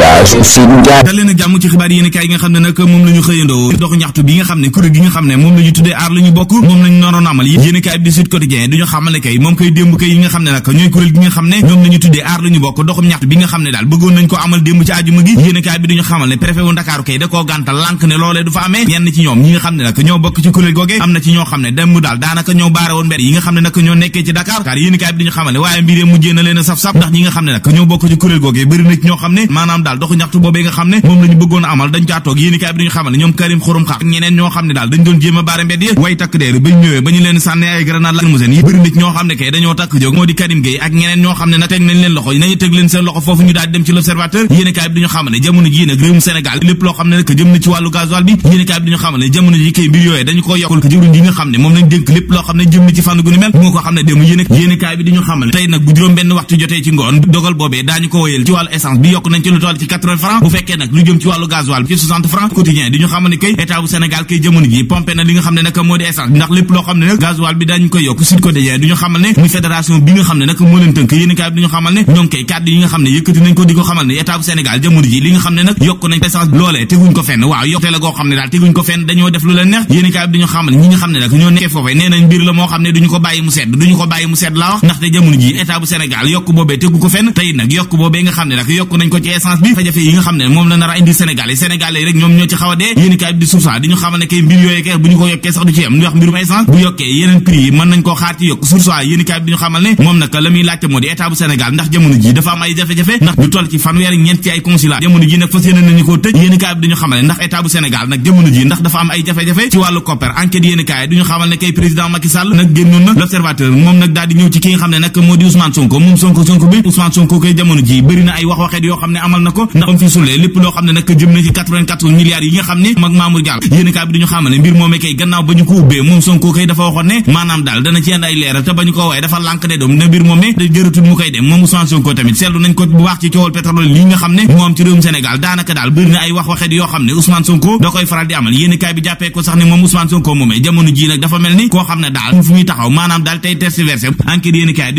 garage leen jàmm ci xibaar yi nga xam ne nag moom la xëyandoo dox ñaxtu bi nga xam ne moom la tuddee aar la bokk moom lañu tuddee aar la bokk doxum ñaxtu bi nga xam ne daal bëggoon nañ ko amal démb ci àjjuma gi yéen nga xam ne nag ñoo bokk ci kuréel googee am na ci ñoo xam ne dem daal daanaka ñoo baare woon mbir yi nga xam ne nag ñoo nekkee ci Dakar kaar yéen kaay bi duñu xamal ne waaye mbir mujjee na leen saf-saf ndax ñi nga xam daal doxu ñaxtu boobee nga xam ne moom la bëggoon amal dañu xamal ne bi dañu xamal tey nag bu juróom waxtu jotee ci ngoon dogal boobee dañu ko wëyal ci wàllu essence bi yokk nañ ci lu toll gasoil ci 80 francs bu fekkee nag lu jëm ci wàllu gasoil bi ci 60 francs quotidien di ñu ne nag moo ko di ko Sénégal jamono ji li nga xam ne nag yokk nañ ko ci essence bi jafe-jafe ñeent ci ay consulat jamono ji nag fas yéene nañu koo tëj yéen i kaay xamal ne kay président Macky nag génnoon na l'observateur moom nag daal ñëw ci ki nga xam ne nag moo di Ousmane Sonko moom Sonko Sonko bi Ousmane Sonko koy jamono ji bëri na ay wax waxeet yoo xam ne amal na ko ndax am fi sulee lépp loo xam ne nag jëm na ci 94 milliards yi nga xam ne mag Mamour Diallo yéen kaay bi dañu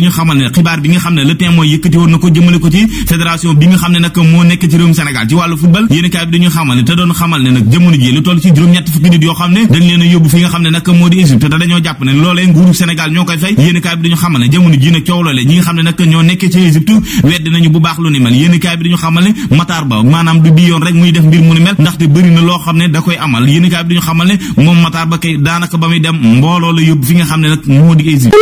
ñu xamal ne xibaar bi nga xam ne le témoin yëkkati na ko jëmale ko ci fédération bi nga xam ne nag moo nekk ci réewum Sénégal ci wàllu football yéenekaay bi dañu xamal ne te doon xamal ne nag jamono ji lu toll ci juróom-ñett fukki nit yoo xam ne a yóbbu dañu xamal ne moom Matar Ba kay daanaka ba muy dem mbooloo la yóbbu fi nga xam ne nag moo di Égypte